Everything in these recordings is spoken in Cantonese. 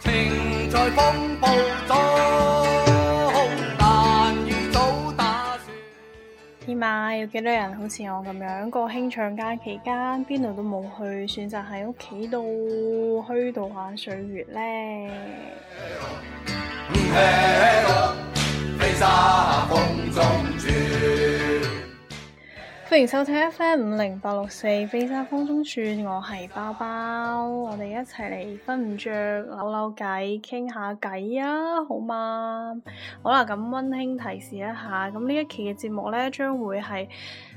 情在風暴中，但早打算，起碼有幾多人好似我咁樣，過國慶長假期間，邊度都冇去，選擇喺屋企度虛度下歲月咧。 歡迎收聽 FM 五零八六四，飛沙風中轉，我係包包，我哋一齊嚟，瞓唔着扭扭計，傾下計啊，好嘛？好啦，咁温馨提示一下，咁呢一期嘅節目咧，將會係，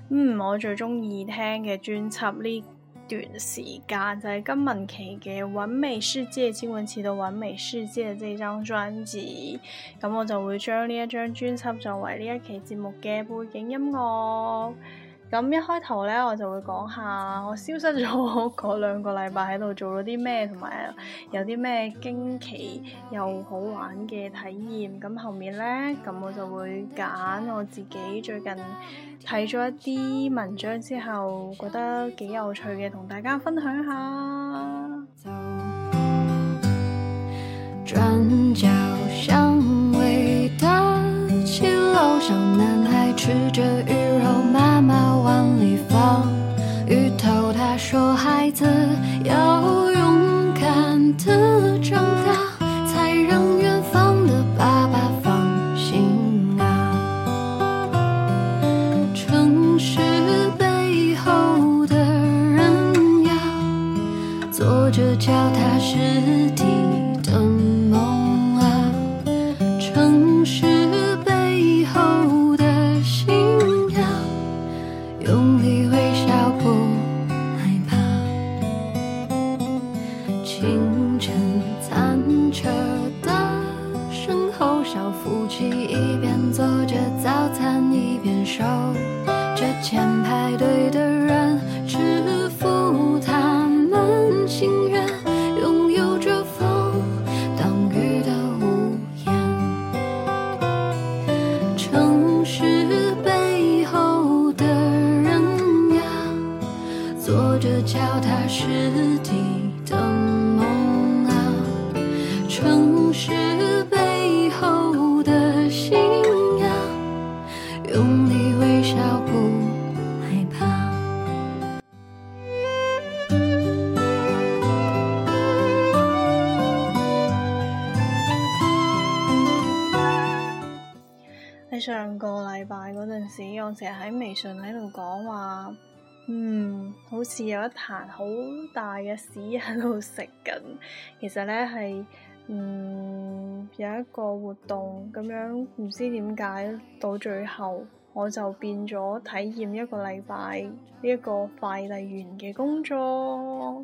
嗯，我最中意聽嘅專輯呢段時間就係、是、金玟岐嘅《完美世界》，金玟岐嘅《完美世界》這張專輯，咁我就會將呢一張專輯作為呢一期節目嘅背景音樂。咁一開頭咧，我就會講下我消失咗嗰兩個禮拜喺度做咗啲咩，同埋有啲咩驚奇又好玩嘅體驗。咁後面咧，咁我就會揀我自己最近睇咗一啲文章之後覺得幾有趣嘅，同大家分享下。走上個禮拜嗰陣時，我成日喺微信喺度講話，嗯，好似有一壇好大嘅屎喺度食緊。其實咧係，嗯，有一個活動咁樣，唔知點解到最後我就變咗體驗一個禮拜呢一個快遞員嘅工作。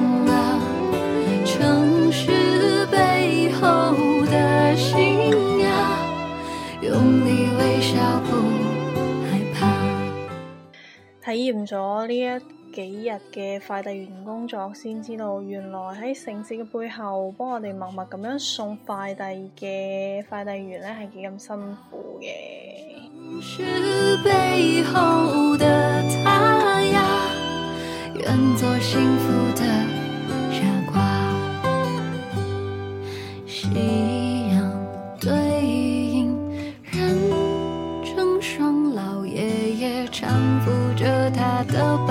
體驗咗呢一幾日嘅快遞員工作，先知道原來喺城市嘅背後，幫我哋默默咁樣送快遞嘅快遞員咧，係幾咁辛苦嘅。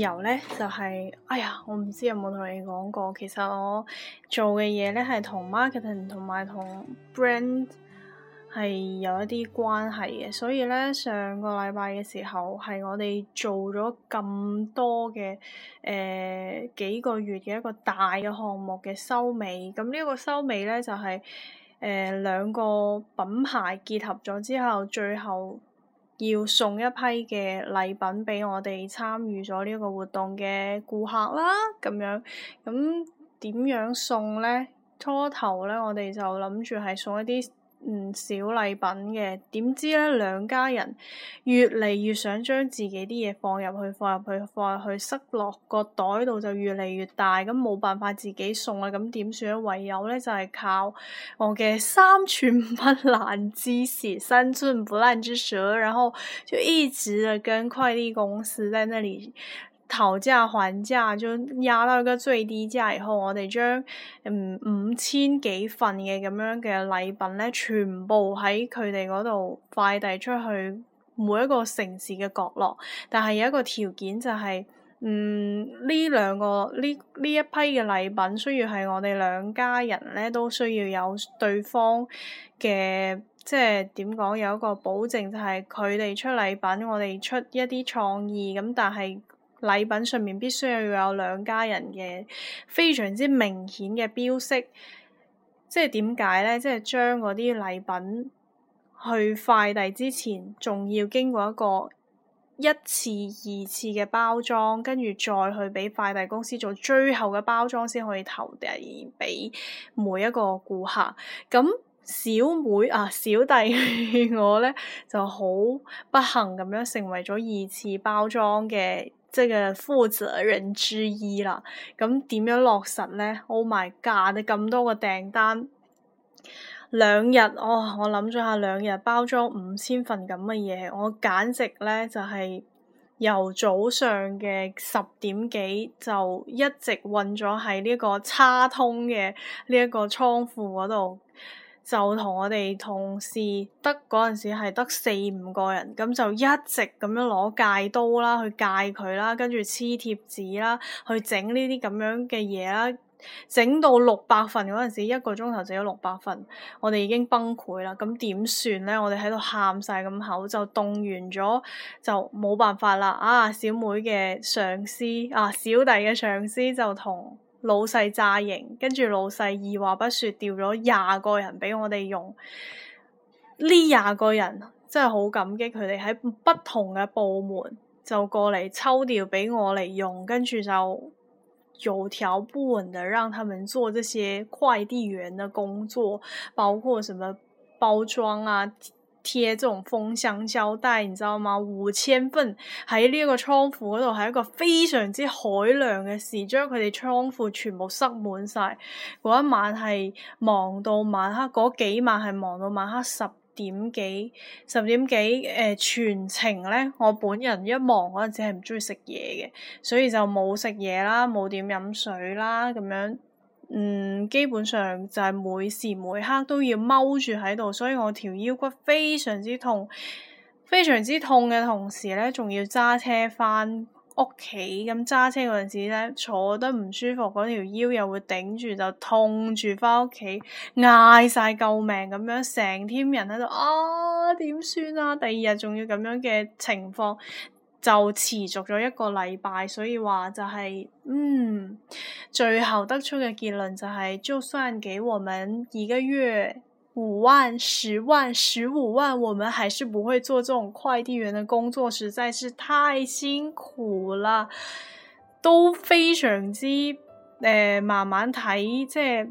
由咧就係、是，哎呀，我唔知有冇同你講過，其實我做嘅嘢咧係同 marketing 同埋同 brand 係有一啲關係嘅，所以咧上個禮拜嘅時候係我哋做咗咁多嘅誒、呃、幾個月嘅一個大嘅項目嘅收尾，咁呢一個收尾咧就係、是、誒、呃、兩個品牌結合咗之後，最後。要送一批嘅禮品畀我哋參與咗呢個活動嘅顧客啦，咁樣，咁點樣送呢？初頭呢，我哋就諗住係送一啲。唔少禮品嘅，點知咧兩家人越嚟越想將自己啲嘢放入去，放入去，放入去，去，塞落個袋度就越嚟越大，咁冇辦法自己送啦！咁點算咧？唯有咧就係、是、靠我嘅三寸不爛之舌，三寸不爛之舌，然後就一直的跟快遞公司在那裡。討價還價，就壓到一個最低價，然後我哋將嗯五千幾份嘅咁樣嘅禮品咧，全部喺佢哋嗰度快遞出去每一個城市嘅角落。但係有一個條件就係、是，嗯呢兩個呢呢一批嘅禮品，需要係我哋兩家人咧都需要有對方嘅即係點講，有一個保證，就係佢哋出禮品，我哋出一啲創意咁，但係。禮品上面必須要有兩家人嘅非常之明顯嘅標識，即係點解咧？即係將嗰啲禮品去快遞之前，仲要經過一個一次、二次嘅包裝，跟住再去畀快遞公司做最後嘅包裝，先可以投遞俾每一個顧客。咁小妹啊，小弟 我咧就好不幸咁樣成為咗二次包裝嘅。即係嘅負責人之一啦，咁點樣落實咧？Oh my god！你咁多個訂單，兩日哦，我諗咗下兩日包裝五千份咁嘅嘢，我簡直咧就係由早上嘅十點幾就一直運咗喺呢個叉通嘅呢一個倉庫嗰度。就同我哋同事得嗰陣時係得四五個人，咁就一直咁樣攞戒刀啦，去戒佢啦，跟住黐貼紙啦，去整呢啲咁樣嘅嘢啦，整到六百份嗰陣時，時一個鐘頭就有六百份，我哋已經崩潰啦，咁點算咧？我哋喺度喊晒咁口，就動完咗，就冇辦法啦。啊，小妹嘅上司啊，小弟嘅上司就同。老細炸營，跟住老細二話不說調咗廿個人俾我哋用，呢廿個人真係好感激佢哋喺不同嘅部門就過嚟抽調俾我嚟用，跟住就有條不紊地讓他們做這些快遞員嘅工作，包括什麼包裝啊。，貼呢種封箱膠帶你知道嗎，五千份喺呢一個倉庫嗰度係一個非常之海量嘅事，將佢哋倉庫全部塞滿晒。嗰一晚係忙到晚黑，嗰幾晚係忙到晚黑十點幾、十點幾誒、呃、全程咧。我本人一忙嗰陣時係唔中意食嘢嘅，所以就冇食嘢啦，冇點飲水啦咁樣。嗯，基本上就係每時每刻都要踎住喺度，所以我條腰骨非常之痛，非常之痛嘅同時咧，仲要揸車翻屋企咁揸車嗰陣時咧，坐得唔舒服，嗰條腰又會頂住就痛住翻屋企，嗌晒救命咁樣，成天人喺度啊，點算啊？第二日仲要咁樣嘅情況。就持續咗一個禮拜，所以話就係、是，嗯，最後得出嘅結論就係、是、就算給我們一個月五萬、十萬、十五萬，我們還是不會做這種快遞員嘅工作，實在是太辛苦啦，都非常之，誒、呃，慢慢睇，即係。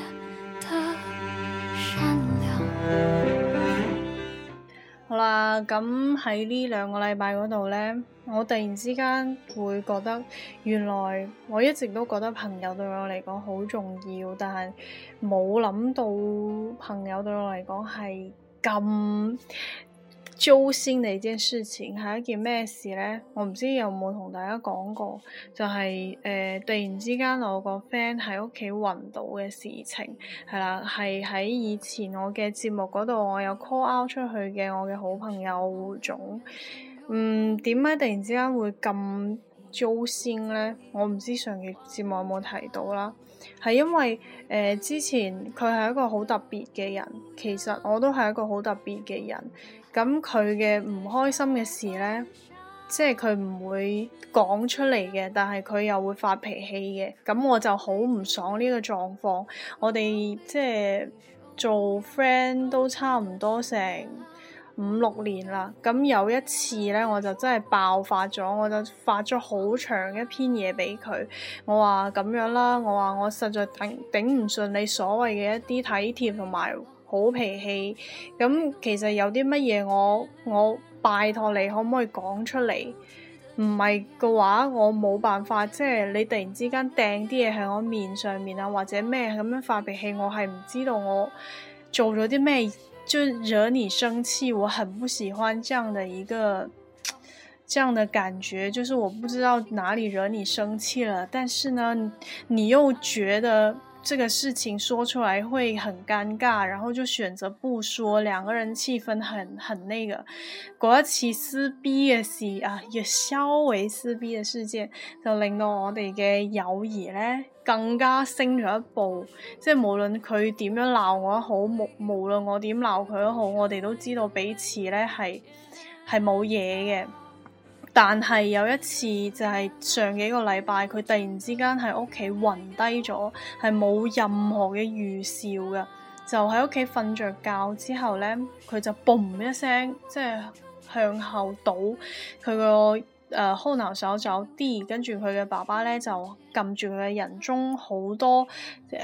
話咁喺呢兩個禮拜嗰度咧，我突然之間會覺得，原來我一直都覺得朋友對我嚟講好重要，但係冇諗到朋友對我嚟講係咁。糟心的一件事情，係一件咩事呢？我唔知有冇同大家講過，就係、是、誒、呃、突然之間我個 friend 喺屋企暈倒嘅事情係啦，係喺以前我嘅節目嗰度，我有 call out 出去嘅我嘅好朋友胡總。嗯，點解突然之間會咁糟心呢？我唔知上期節目有冇提到啦，係因為誒、呃、之前佢係一個好特別嘅人，其實我都係一個好特別嘅人。咁佢嘅唔開心嘅事呢，即係佢唔會講出嚟嘅，但係佢又會發脾氣嘅。咁我就好唔爽呢個狀況。我哋即係做 friend 都差唔多成五六年啦。咁有一次呢，我就真係爆發咗，我就發咗好長一篇嘢畀佢。我話咁樣啦，我話我實在頂頂唔順你所謂嘅一啲體貼同埋，好脾氣，咁其實有啲乜嘢我我拜託你可唔可以講出嚟？唔係嘅話我冇辦法，即係你突然之間掟啲嘢喺我面上面啊，或者咩咁樣發脾氣，我係唔知道我做咗啲咩就惹你生氣。我很不喜歡這樣的，一個這樣的感覺，就是我不知道哪裡惹你生氣了，但是呢，你又覺得。這個事情說出來會很尷尬，然後就選擇不說，兩個人氣氛很很那個。一次撕逼嘅事啊，亦稍微撕逼嘅事件，就令到我哋嘅友誼咧更加升咗一步。即係無論佢點樣鬧我都好，無無論我點鬧佢都好，我哋都知道彼此咧係係冇嘢嘅。但係有一次，就係上幾個禮拜，佢突然之間喺屋企暈低咗，係冇任何嘅預兆嘅，就喺屋企瞓着覺之後咧，佢就嘣一聲，即係向後倒，佢個誒骷髏手就有啲，跟住佢嘅爸爸咧就撳住佢嘅人中好多，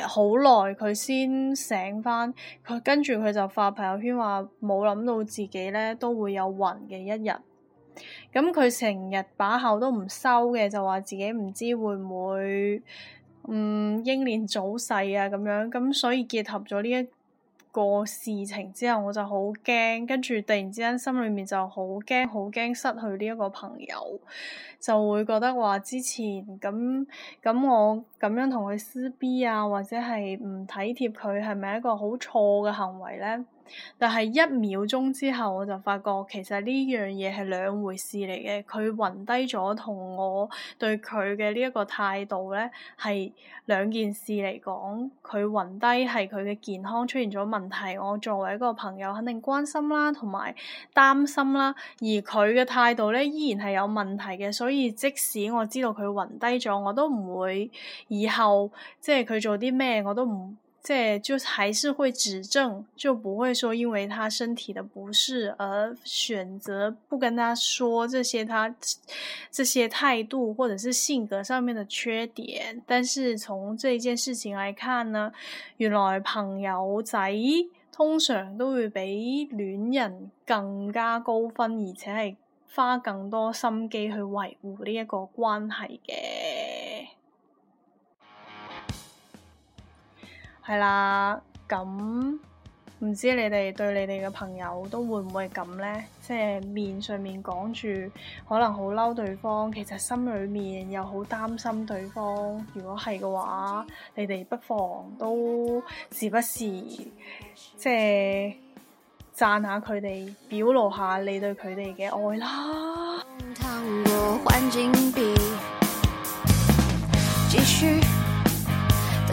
好耐佢先醒翻，佢跟住佢就發朋友圈話冇諗到自己咧都會有暈嘅一日。咁佢成日把口都唔收嘅，就話自己唔知會唔會，嗯，英年早逝啊咁樣，咁所以結合咗呢一個事情之後，我就好驚，跟住突然之間心裏面就好驚，好驚失去呢一個朋友，就會覺得話之前咁咁我咁樣同佢撕逼啊，或者係唔體貼佢，係咪一個好錯嘅行為咧？但係一秒鐘之後，我就發覺其實呢樣嘢係兩回事嚟嘅。佢暈低咗，同我對佢嘅呢一個態度呢，係兩件事嚟講。佢暈低係佢嘅健康出現咗問題，我作為一個朋友肯定關心啦，同埋擔心啦。而佢嘅態度呢，依然係有問題嘅，所以即使我知道佢暈低咗，我都唔會以後即係佢做啲咩我都唔。這就還是會指正，就不會說因為他身體的不適而選擇不跟他說這些他，他這些態度或者是性格上面的缺點。但是從這件事情來看呢，原來朋友仔通常都會比戀人更加高分，而且係花更多心機去維護呢一個關係嘅。係啦，咁唔、嗯、知你哋對你哋嘅朋友都會唔會咁呢？即係面上面講住可能好嬲對方，其實心裏面又好擔心對方。如果係嘅話，你哋不妨都時不時即係讚下佢哋，表露下你對佢哋嘅愛啦。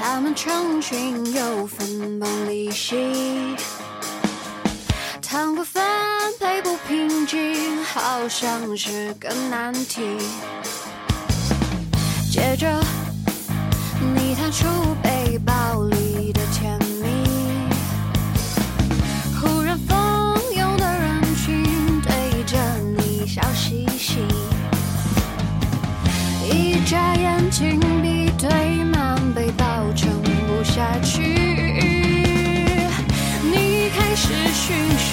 他們成群又分崩離析，糖果分配不平靜，好像是個難題。接着你探出背包裏的甜蜜，忽然蜂擁的人群對着你笑嘻嘻，一,一眨眼睛。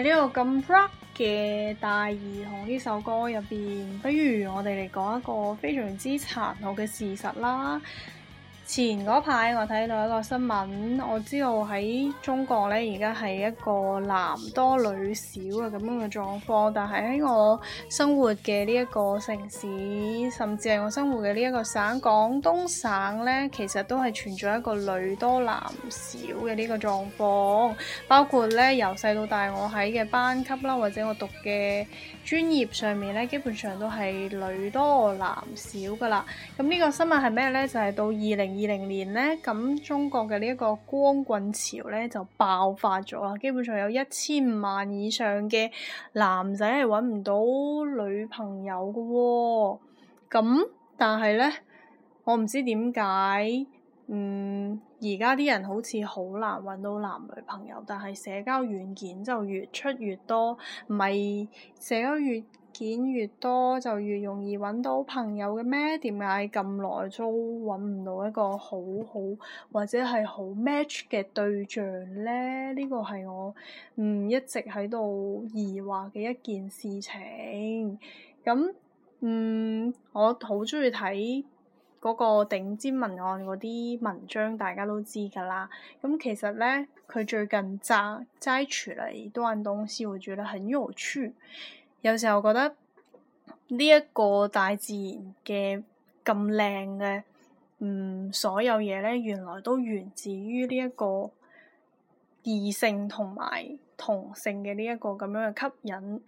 喺呢個咁 rock 嘅大兒童呢首歌入面，不如我哋嚟講一個非常之殘酷嘅事實啦～前嗰排我睇到一個新聞，我知道喺中國咧而家係一個男多女少嘅咁樣嘅狀況，但係喺我生活嘅呢一個城市，甚至係我生活嘅呢一個省廣東省咧，其實都係存在一個女多男少嘅呢個狀況，包括咧由細到大我喺嘅班級啦，或者我讀嘅專業上面咧，基本上都係女多男少噶啦。咁呢個新聞係咩咧？就係、是、到二零。二零年咧，咁中國嘅呢一個光棍潮咧就爆發咗喇！基本上有一千萬以上嘅男仔係揾唔到女朋友嘅喎、哦。咁但係咧，我唔知點解，嗯，而家啲人好似好難揾到男女朋友，但係社交軟件就越出越多，咪社交越錢越多就越容易揾到朋友嘅咩？點解咁耐都揾唔到一個好好或者係好 match 嘅對象咧？呢個係我唔、嗯、一直喺度疑惑嘅一件事情。咁嗯，我好鍾意睇嗰個頂尖文案嗰啲文章，大家都知㗎啦。咁、嗯、其實咧，佢最近摘摘取了一段東西，我覺得很有趣。有時候覺得呢一個大自然嘅咁靚嘅，嗯，所有嘢咧，原來都源自於呢一個異性同埋同性嘅呢一個咁樣嘅吸引，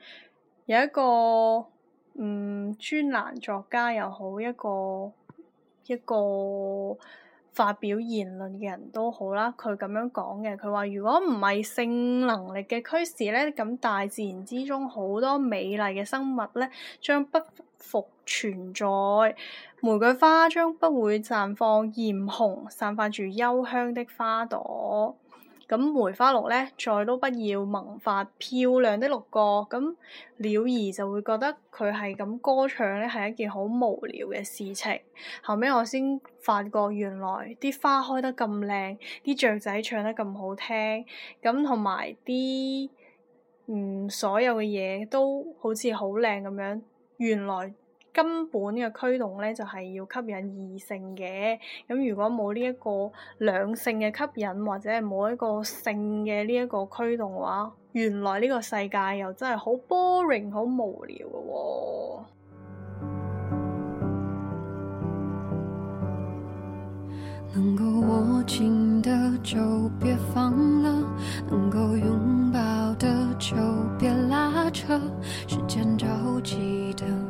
有一個嗯專欄作家又好一個一個，一個發表言論嘅人都好啦，佢咁樣講嘅，佢話如果唔係性能力嘅驅使咧，咁大自然之中好多美麗嘅生物咧，將不復存在，玫瑰花將不會綻放豔紅，散發住幽香的花朵。咁梅花鹿咧，再都不要萌發漂亮的鹿角，咁鳥兒就會覺得佢係咁歌唱咧，係一件好無聊嘅事情。後尾我先發覺原、嗯，原來啲花開得咁靚，啲雀仔唱得咁好聽，咁同埋啲嗯所有嘅嘢都好似好靚咁樣，原來。根本嘅驅動咧，就係、是、要吸引異性嘅。咁如果冇呢一個兩性嘅吸引，或者係冇一個性嘅呢一個驅動嘅話，原來呢個世界又真係好 boring，好無聊嘅喎、哦。能夠握緊的就別放了，能夠擁抱的就別拉扯，時間着急的。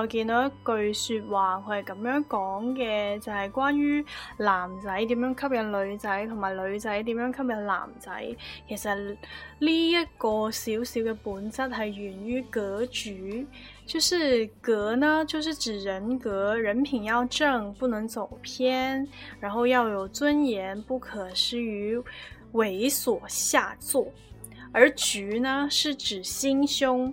我見到一句説話，佢係咁樣講嘅，就係、是、關於男仔點樣吸引女仔，同埋女仔點樣吸引男仔。其實呢一個小小嘅本質係源於格局，就是格呢，就是指人格，人品要正，不能走偏，然後要有尊嚴，不可失於猥瑣下作。而局呢，是指心胸。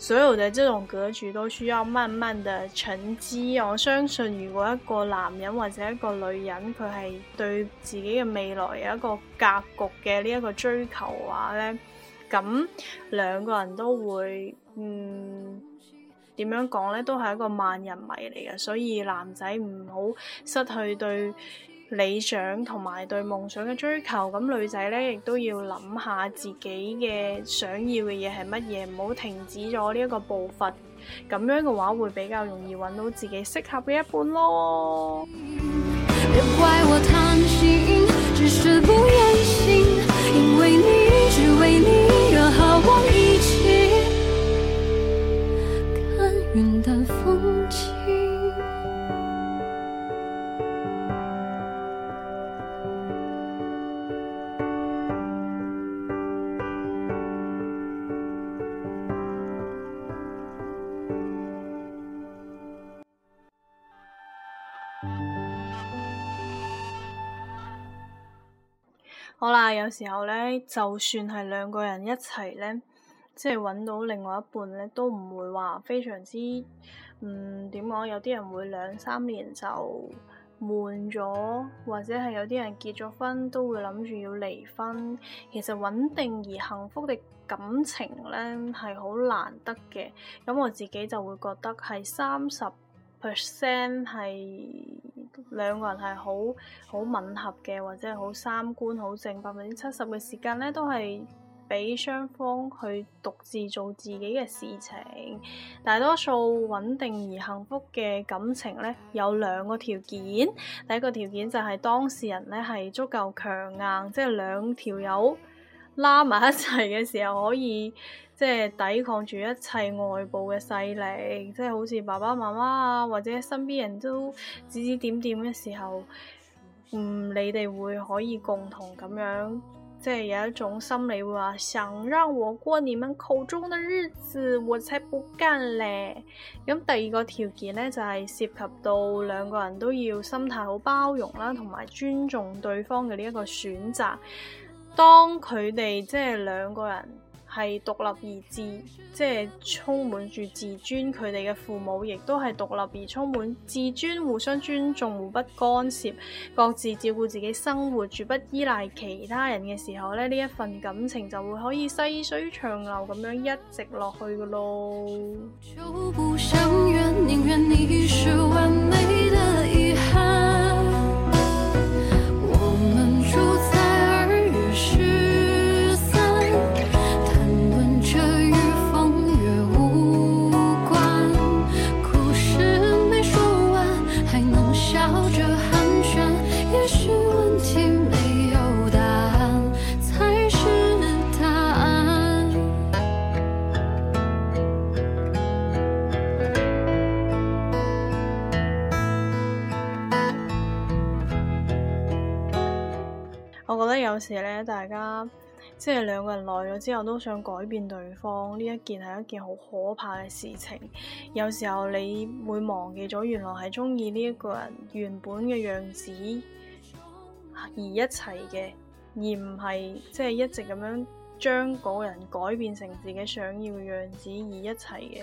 所有的這種格局都需要慢慢的沉積，我相信如果一個男人或者一個女人佢係對自己嘅未來有一個格局嘅呢一個追求嘅話呢，咁兩個人都會，嗯，點樣講呢？都係一個萬人迷嚟嘅，所以男仔唔好失去對理想同埋對夢想嘅追求，咁女仔呢，亦都要諗下自己嘅想要嘅嘢係乜嘢，唔好停止咗呢一個步伐，咁樣嘅話會比較容易揾到自己適合嘅一半咯。但有時候咧，就算係兩個人一齊咧，即係揾到另外一半咧，都唔會話非常之，嗯，點講啊？有啲人會兩三年就悶咗，或者係有啲人結咗婚都會諗住要離婚。其實穩定而幸福嘅感情咧係好難得嘅。咁我自己就會覺得係三十 percent 係。兩個人係好好吻合嘅，或者係好三觀好正，百分之七十嘅時間呢都係俾雙方去獨自做自己嘅事情。大多數穩定而幸福嘅感情呢，有兩個條件。第一個條件就係當事人呢係足夠強硬，即係兩條友。拉埋一齊嘅時候，可以即係抵抗住一切外部嘅勢力，即係好似爸爸媽媽啊，或者身邊人都指指點點嘅時候，嗯，你哋會可以共同咁樣，即係有一種心理會話想讓我過你們口中的日子，我才不幹咧。咁第二個條件呢，就係涉及到兩個人都要心態好包容啦，同埋尊重對方嘅呢一個選擇。當佢哋即係兩個人係獨立而自，即係充滿住自尊，佢哋嘅父母亦都係獨立而充滿自尊，互相尊重，互不干涉，各自照顧自己生活，絕不依賴其他人嘅時候咧，呢一份感情就會可以細水長流咁樣一直落去㗎囉。有時咧，大家即係兩個人耐咗之後，都想改變對方，呢一件係一件好可怕嘅事情。有時候你會忘記咗原來係鍾意呢一個人原本嘅樣子而一齊嘅，而唔係即係一直咁樣將嗰個人改變成自己想要嘅樣子而一齊嘅。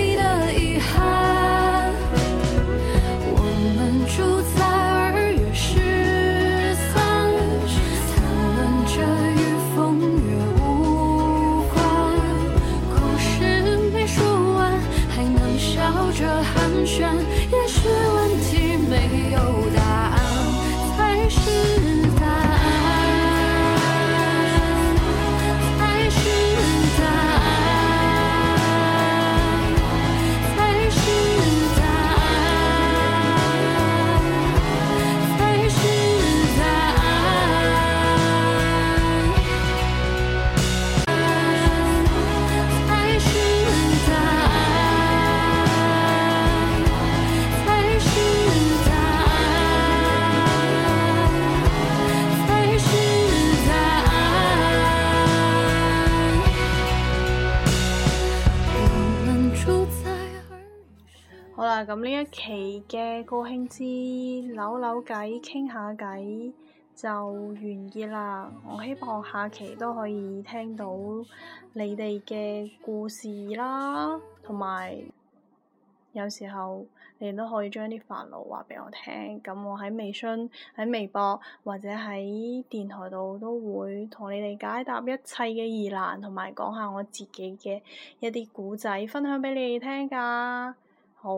咁呢、啊、一期嘅高興之扭扭計傾下計就完結啦。我希望下期都可以聽到你哋嘅故事啦，同埋有，有時候你哋都可以將啲煩惱話畀我聽。咁我喺微信、喺微博或者喺電台度都會同你哋解答一切嘅疑難，同埋講下我自己嘅一啲古仔，分享俾你哋聽㗎。好！